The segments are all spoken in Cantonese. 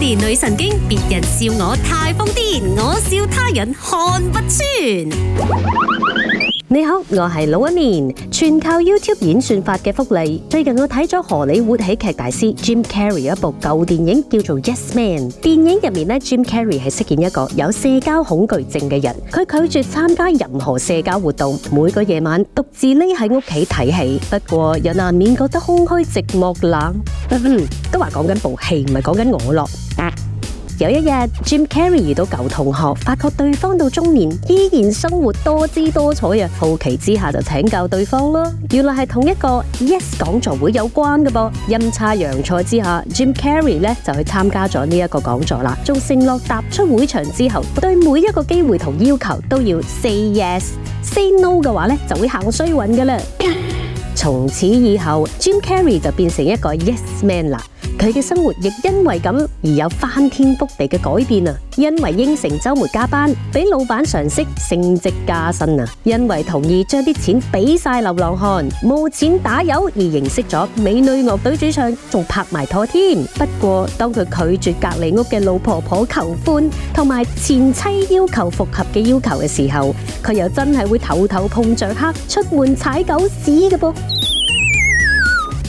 年女神經，別人笑我太瘋癲，我笑他人看不穿。你好，我係 Melody，全靠 YouTube 演算法嘅福利。最近我睇咗荷里活喜劇大師 Jim Carrey 一部舊電影，叫做 Yes Man。電影入面呢，Jim Carrey 係飾演一個有社交恐懼症嘅人，佢拒絕參加任何社交活動，每個夜晚獨自匿喺屋企睇戲。不過又難免覺得空虛、寂寞、冷。嗯，都話講緊部戲，唔係講緊我咯。有一日，Jim Carrey 遇到舊同學，發覺對方到中年依然生活多姿多彩啊！好奇之下就請教對方咯，原來係同一個 yes 講座會有關嘅噃。陰差陽錯之下，Jim Carrey 咧就去參加咗呢一個講座啦。仲承諾踏出會場之後，對每一個機會同要求都要 say yes，say no 嘅話咧就會行衰運噶啦。從此以後，Jim Carrey 就變成一個 yes man 啦。佢嘅生活亦因為咁而有翻天覆地嘅改變啊！因為應承周末加班，俾老闆賞識，升職加薪啊！因為同意將啲錢俾晒流浪漢，冇錢打油而認識咗美女樂隊主唱，仲拍埋拖添。不過當佢拒絕隔籬屋嘅老婆婆求歡，同埋前妻要求復合嘅要求嘅時候，佢又真係會頭頭碰着黑，出門踩狗屎嘅噃。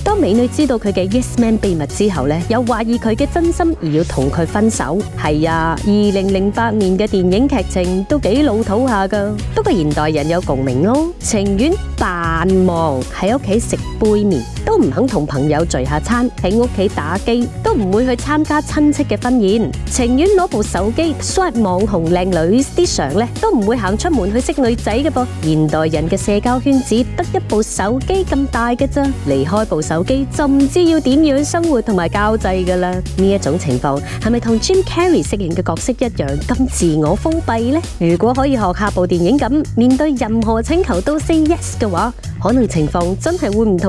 當美女知道佢嘅 Yes Man 秘密之後咧，又懷疑佢嘅真心而要同佢分手。係啊，二零零八年嘅電影劇情都幾老土下噶，不過現代人有共鳴咯，情願扮忙喺屋企食。背面都唔肯同朋友聚下餐，喺屋企打機都唔會去參加親戚嘅婚宴，情願攞部手機刷網紅靚女啲相咧，都唔會行出門去識女仔嘅噃。現代人嘅社交圈子得一部手機咁大嘅啫，離開部手機就唔知要點樣生活同埋交際噶啦。呢一種情況係咪同 Jim Carrey 飾演嘅角色一樣咁自我封閉呢？如果可以學下部電影咁，面對任何請求都 say yes 嘅話，可能情況真係會唔同。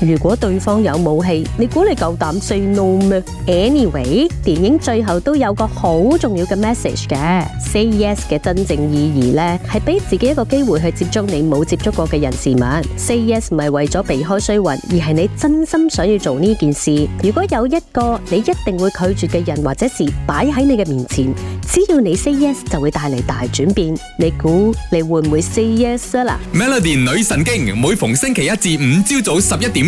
如果對方有武器，你估你夠膽 say no 咩？Anyway，電影最後都有個好重要嘅 message 嘅。Say yes 嘅真正意義咧，係俾自己一個機會去接觸你冇接觸過嘅人事物。Say yes 唔係為咗避開衰運，而係你真心想要做呢件事。如果有一個你一定會拒絕嘅人或者事擺喺你嘅面前，只要你 say yes 就會帶嚟大轉變。你估你會唔會 say yes 啦？Melody 女神經，每逢星期一至五朝早十一點。